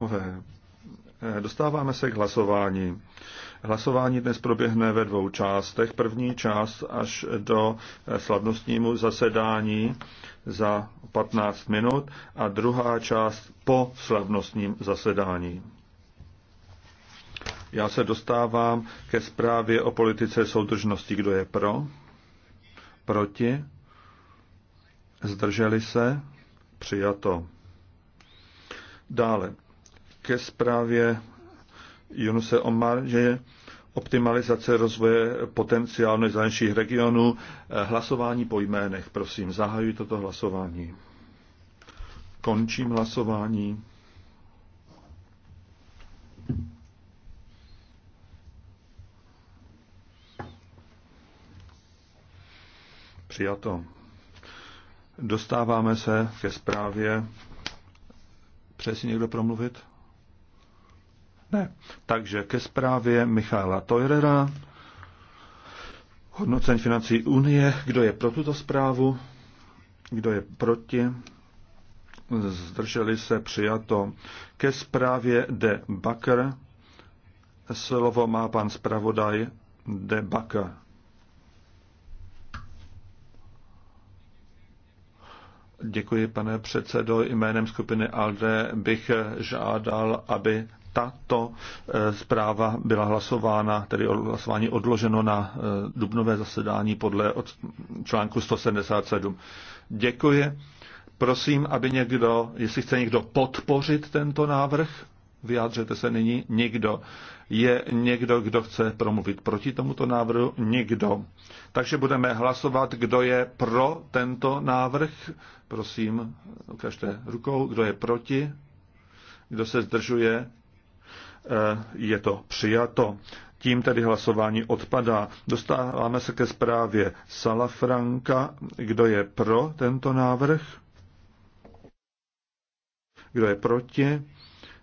Nové. Eh, eh, dostáváme se k hlasování. Hlasování dnes proběhne ve dvou částech. První část až do eh, slavnostnímu zasedání za 15 minut a druhá část po slavnostním zasedání. Já se dostávám ke zprávě o politice soudržnosti. Kdo je pro? Proti? Zdrželi se? Přijato. Dále ke zprávě Junuse Omar, že je optimalizace rozvoje potenciálu nejzelenějších regionů. Eh, hlasování po jménech, prosím, zahajuji toto hlasování. Končím hlasování. Přijato. Dostáváme se ke zprávě. Přesně někdo promluvit? Ne. Takže ke zprávě Michaela Teurera. Hodnocení financí Unie. Kdo je pro tuto zprávu? Kdo je proti? Zdrželi se přijato. Ke zprávě De Bakr. Slovo má pan zpravodaj De Bakr. Děkuji, pane předsedo. Jménem skupiny ALDE bych žádal, aby tato eh, zpráva byla hlasována, tedy hlasování odloženo na eh, dubnové zasedání podle od článku 177. Děkuji. Prosím, aby někdo, jestli chce někdo podpořit tento návrh, vyjádřete se nyní. Nikdo. Je někdo, kdo chce promluvit proti tomuto návrhu? Nikdo. Takže budeme hlasovat, kdo je pro tento návrh. Prosím, ukažte rukou. Kdo je proti? Kdo se zdržuje? Eh, je to přijato. Tím tedy hlasování odpadá. Dostáváme se ke zprávě Salafranka. Kdo je pro tento návrh? Kdo je proti?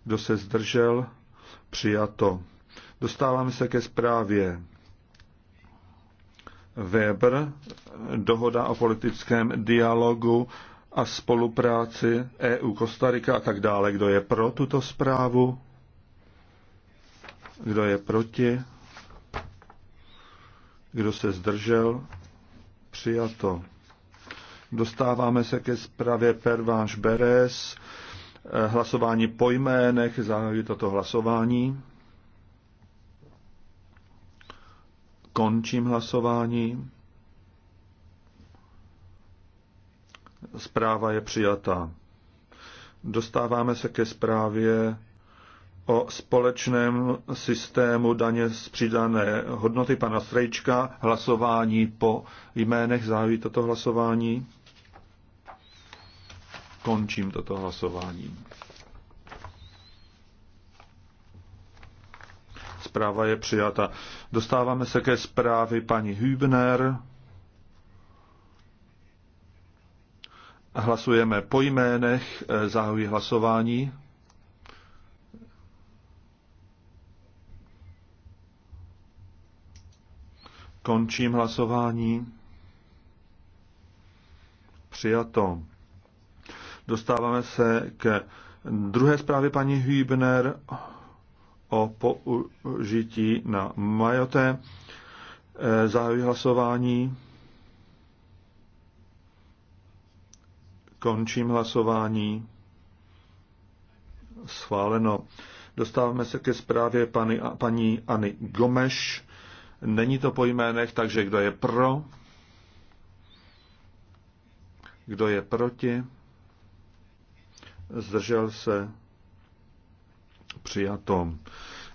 Kdo se zdržel? Přijato. Dostáváme se ke zprávě Weber, dohoda o politickém dialogu a spolupráci EU Kostarika a tak dále. Kdo je pro tuto zprávu? Kdo je proti? Kdo se zdržel? Přijato. Dostáváme se ke zprávě Perváš Beres. Eh, hlasování po jménech. Zahajuji toto hlasování. Končím hlasování. Zpráva je přijata. Dostáváme se ke zprávě o společném systému daně z přidané hodnoty pana Srejčka, hlasování po jménech, zahájí toto hlasování. Končím toto hlasování. Zpráva je přijata. Dostáváme se ke zprávy paní Hübner. Hlasujeme po jménech, zahajuji hlasování. Končím hlasování. Přijato. Dostáváme se k druhé zprávě paní Hübner o použití na majoté. E, zahajuji hlasování. Končím hlasování. Schváleno. Dostáváme se ke zprávě paní, paní Ani Gomeš Není to po jménech, takže kdo je pro, kdo je proti, zdržel se přijato.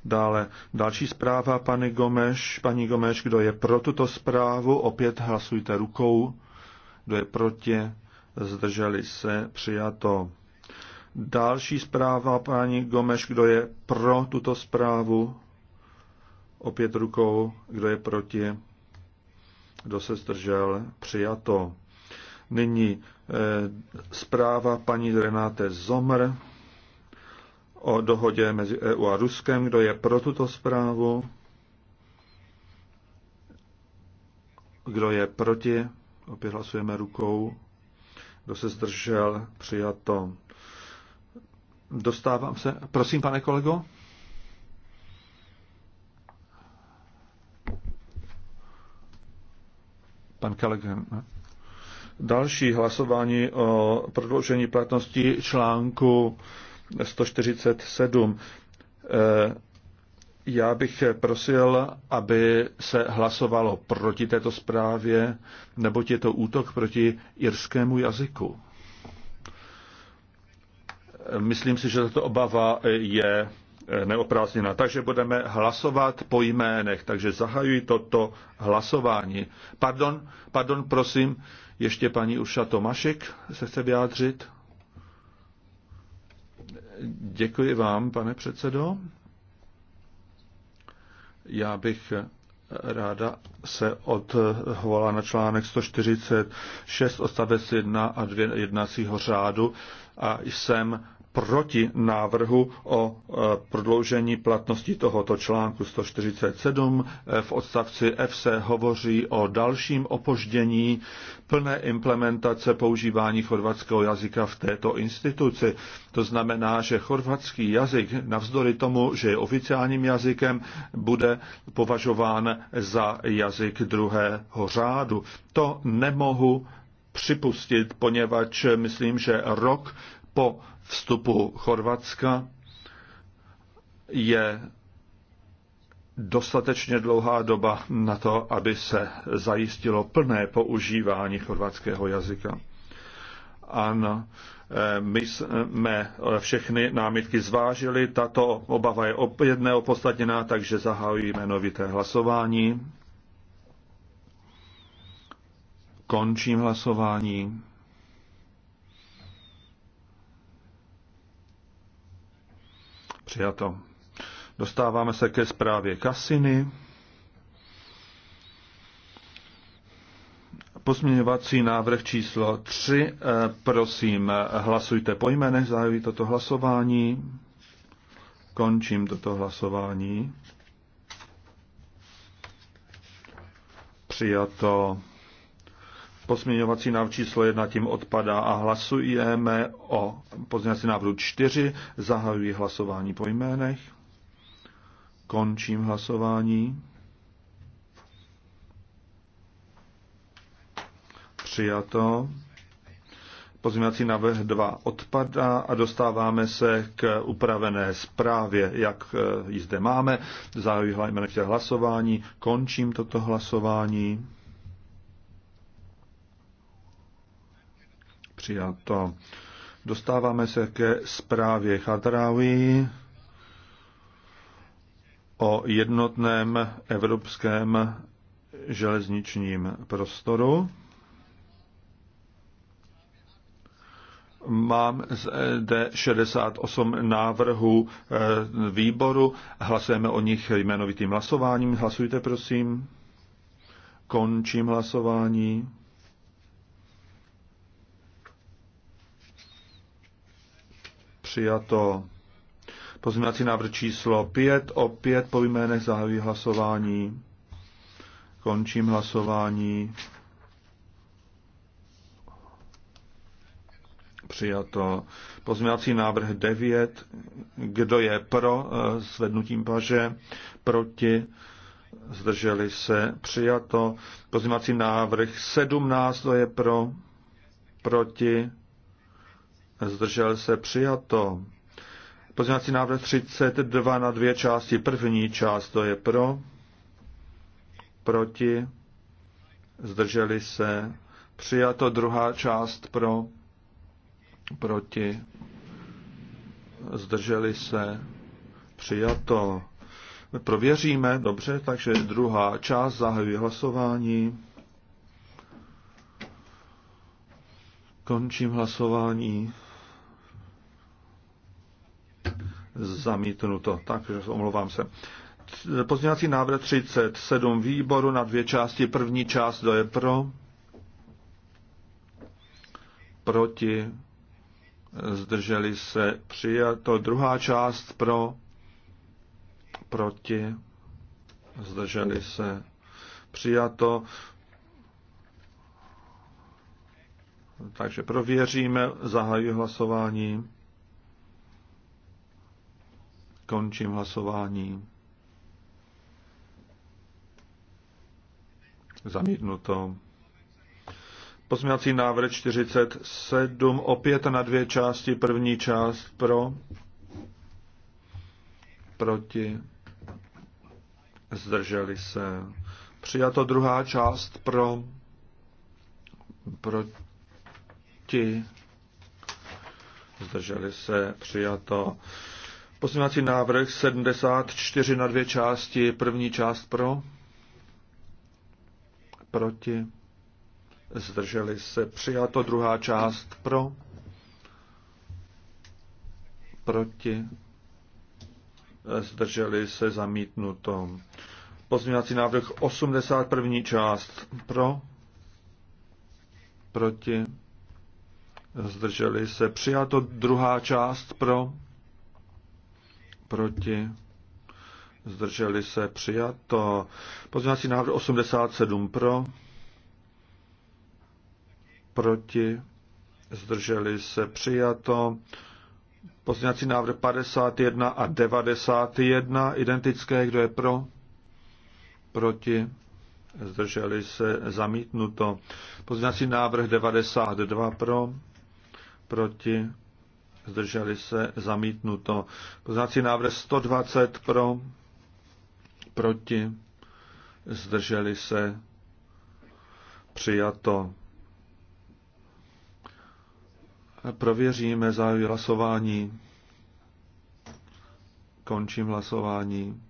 Dále další zpráva, paní Gomeš, paní Gomeš, kdo je pro tuto zprávu, opět hlasujte rukou, kdo je proti, zdrželi se přijato. Další zpráva, paní Gomeš, kdo je pro tuto zprávu, opět rukou, kdo je proti, kdo se zdržel, přijato. Nyní e, zpráva paní Renáte Zomr o dohodě mezi EU a Ruskem. Kdo je pro tuto zprávu? Kdo je proti? Opět hlasujeme rukou. Kdo se zdržel? Přijato. Dostávám se. Prosím, pane kolego. pan Kelegen. Další hlasování o prodloužení platnosti článku 147. Eh, já bych prosil, aby se hlasovalo proti této zprávě, neboť je to útok proti irskému jazyku. Myslím si, že tato obava je neoprázněna. Takže budeme hlasovat po jménech, takže zahajuji toto hlasování. Pardon, pardon, prosím, ještě paní Uša Tomašek se chce vyjádřit. Děkuji vám, pane předsedo. Já bych ráda se odhovala na článek 146 odstavec 1 a 2 jednacího řádu a jsem proti návrhu o e, prodloužení platnosti tohoto článku 147. E, v odstavci F se hovoří o dalším opoždění plné implementace používání chorvatského jazyka v této instituci. To znamená, že chorvatský jazyk, navzdory tomu, že je oficiálním jazykem, bude považován za jazyk druhého řádu. To nemohu připustit, poněvadž myslím, že rok po vstupu Chorvatska je dostatečně dlouhá doba na to, aby se zajistilo plné používání chorvatského jazyka. Ano, eh, my jsme všechny námitky zvážili, tato obava je opět neopodstatněná, takže zahájíme novité hlasování. Končím hlasování. Přijato. Dostáváme se ke zprávě Kasiny. Pozměňovací návrh číslo 3. Eh, prosím, hlasujte po jménech, zahajuji toto hlasování. Končím toto hlasování. Přijato Pozměňovací návrh číslo 1 tím odpadá a hlasujeme o pozměňovací návrhu 4. Zahajuji hlasování po jménech. Končím hlasování. Přijato. Pozměňovací návrh 2 odpadá a dostáváme se k upravené zprávě, jak eh, ji zde máme. Zahajuji hlasování, končím toto hlasování. přijato. Dostáváme se ke zprávě Chadraví o jednotném evropském železničním prostoru. Mám zde 68 návrhů eh, výboru. Hlasujeme o nich jmenovitým hlasováním. Hlasujte, prosím. Končím hlasování. přijato. Pozměňovací návrh číslo 5, opět po jménech zahajuji hlasování. Končím hlasování. Přijato. Pozměňovací návrh 9. Kdo je pro s eh, vednutím paže? Proti? Zdrželi se? Přijato. Pozměňovací návrh 17. Kdo je pro? Proti? zdržel se přijato. Pozměňovací návrh 32 na dvě části. První část to je pro, proti, zdrželi se, přijato druhá část pro, proti, zdrželi se, přijato. Prověříme, dobře, takže druhá část zahajuje hlasování. Končím hlasování. zamítnuto. Takže omlouvám se. Pozměňovací návrh 37 výboru na dvě části. První část, kdo je pro? Proti? Zdrželi se přijato. Druhá část pro? Proti? Zdrželi se přijato. Takže prověříme, zahajuji hlasování. Končím hlasování. Zamítnuto. Pozměňovací návrh 47, opět na dvě části. První část pro, proti, zdrželi se. Přijato druhá část pro, proti, zdrželi se. Přijato Pozměňovací návrh 74 na dvě části. První část pro, proti, zdrželi se. Přijato druhá část pro, proti, zdrželi se zamítnuto. Pozměňovací návrh 81. část pro, proti, zdrželi se. Přijato druhá část pro, proti, zdrželi se, přijato. Pozměňovací návrh 87 pro, proti, zdrželi se, přijato. Pozměňovací návrh 51 a 91, identické, kdo je pro, proti, zdrželi se, zamítnuto. Pozměňovací návrh 92 pro, proti, zdrželi se, zamítnuto. Poznací návrh 120 pro, proti, zdrželi se, přijato. Prověříme závěr hlasování. Končím hlasování.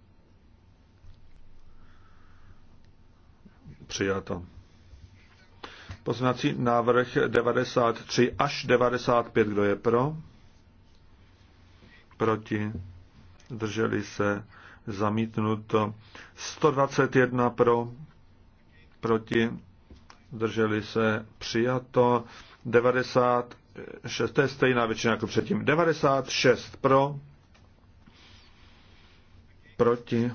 Přijato. Poznací návrh 93 až 95, kdo je pro? proti, zdrželi se, zamítnuto. 121 pro, proti, zdrželi se, přijato. 96, to je stejná většina jako předtím. 96 pro, proti,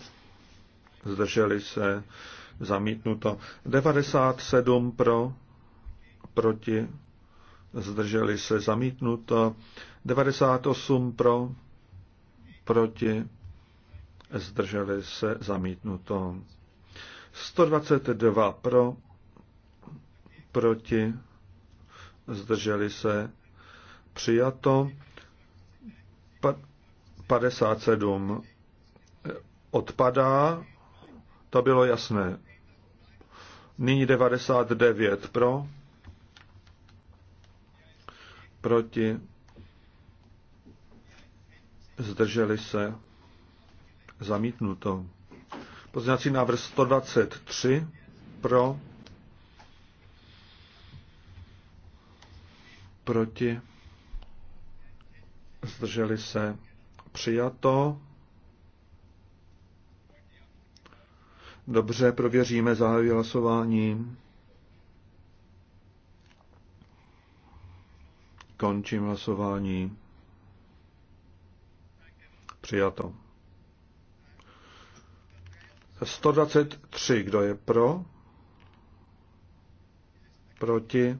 zdrželi se, zamítnuto. 97 pro, proti, zdrželi se, zamítnuto. 98 pro, proti, zdrželi se zamítnuto. 122 pro, proti, zdrželi se přijato. 57 odpadá, to bylo jasné. Nyní 99 pro, proti, zdrželi se, zamítnuto. Pozměňovací návrh 123 pro, proti, zdrželi se, přijato. Dobře, prověříme zahájí hlasování. Končím hlasování. Přijato. 123. Kdo je pro? Proti?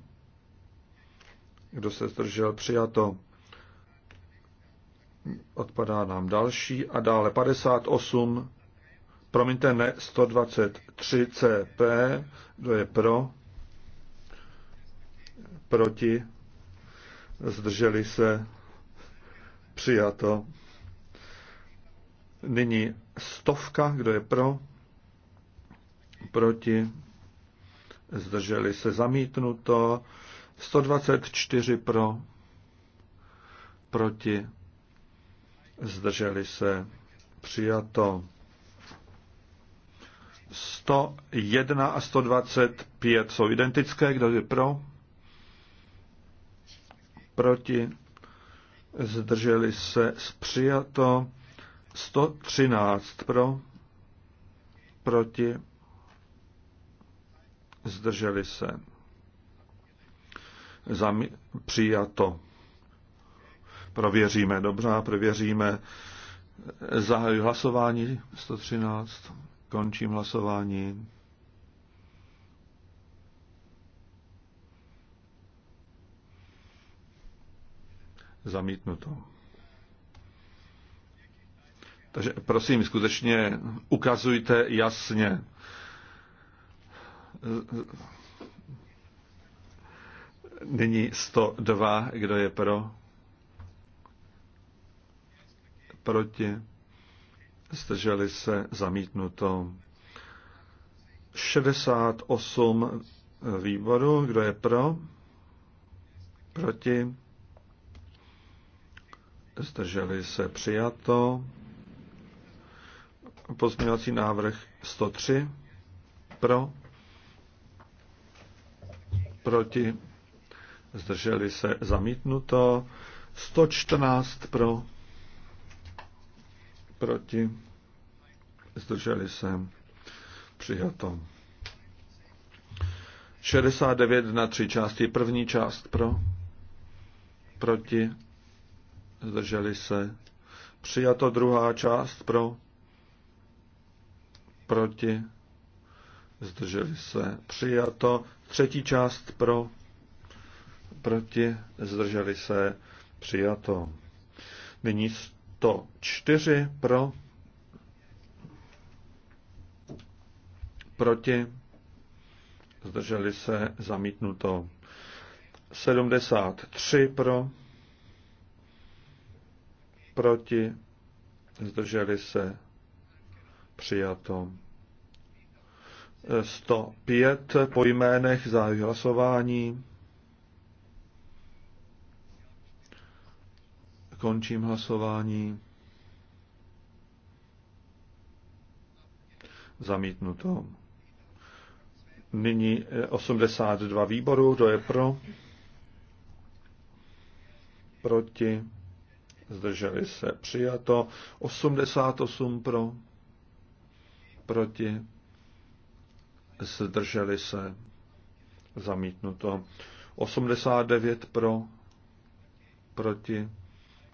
Kdo se zdržel? Přijato. Odpadá nám další. A dále 58. Promiňte, ne, 123 CP. Kdo je pro? Proti? Zdrželi se? Přijato. Nyní stovka, kdo je pro, proti, zdrželi se zamítnuto, 124 pro, proti, zdrželi se přijato. 101 a 125 jsou identické, kdo je pro, proti, zdrželi se přijato. 113 pro, proti, zdrželi se. Zami- přijato. Prověříme, dobře, prověříme. Zahajuji hlasování 113, končím hlasování. Zamítnuto. Takže prosím, skutečně ukazujte jasně. Nyní 102, kdo je pro? Proti? Zdrželi se zamítnuto. 68 výboru, kdo je pro? Proti? Zdrželi se přijato. Pozměňovací návrh 103 pro, proti, zdrželi se zamítnuto, 114 pro, proti, zdrželi se přijato. 69 na tři části. První část pro, proti, zdrželi se. Přijato druhá část pro, proti, zdrželi se, přijato. Třetí část pro, proti, zdrželi se, přijato. Nyní 104 pro, proti, zdrželi se, zamítnuto. 73 pro, proti, zdrželi se, Přijato. 105 po jménech za hlasování. Končím hlasování. Zamítnuto. Nyní 82 e, výborů. Kdo je pro? Proti? Zdrželi se. Přijato. 88 pro proti, zdrželi se, zamítnuto. 89 pro, proti,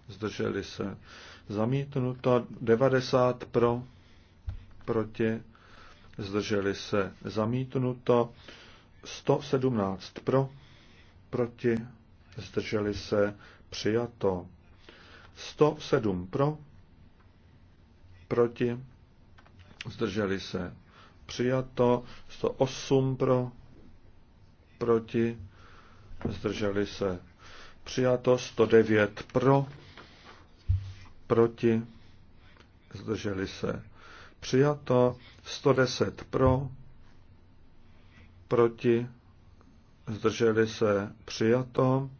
zdrželi se, zamítnuto. 90 pro, proti, zdrželi se, zamítnuto. 117 pro, proti, zdrželi se, přijato. 107 pro, proti, zdrželi se. Přijato 108 pro, proti, zdrželi se. Přijato 109 pro, proti, zdrželi se. Přijato 110 pro, proti, zdrželi se. Přijato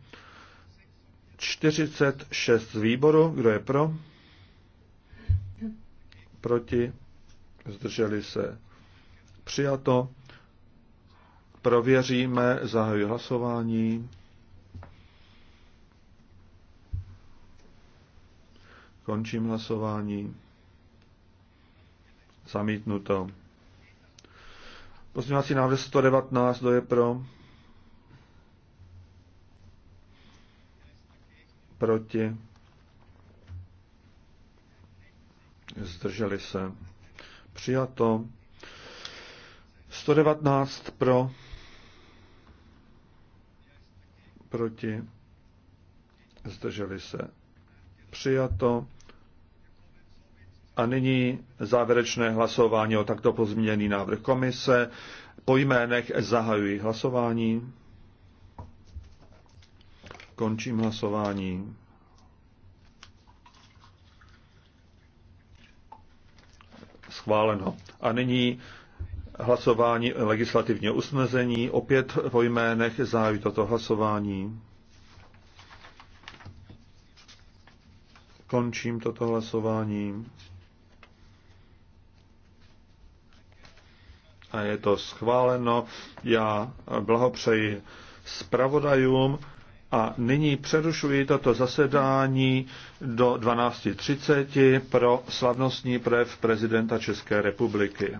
46 z výboru, kdo je pro, proti, zdrželi se. Přijato. Prověříme, zahajuji hlasování. Končím hlasování. Zamítnuto. Pozměňovací návrh 119, kdo je pro? Proti? Zdrželi se přijato. 119 pro, proti, zdrželi se, přijato. A nyní závěrečné hlasování o takto pozměněný návrh komise. Po jménech zahajuji hlasování. Končím hlasování. schváleno. A nyní hlasování legislativního usnesení. Opět po jménech zahájí toto hlasování. Končím toto hlasování. A je to schváleno. Já blahopřeji zpravodajům. A nyní přerušuji toto zasedání do 12.30 pro slavnostní prev prezidenta České republiky.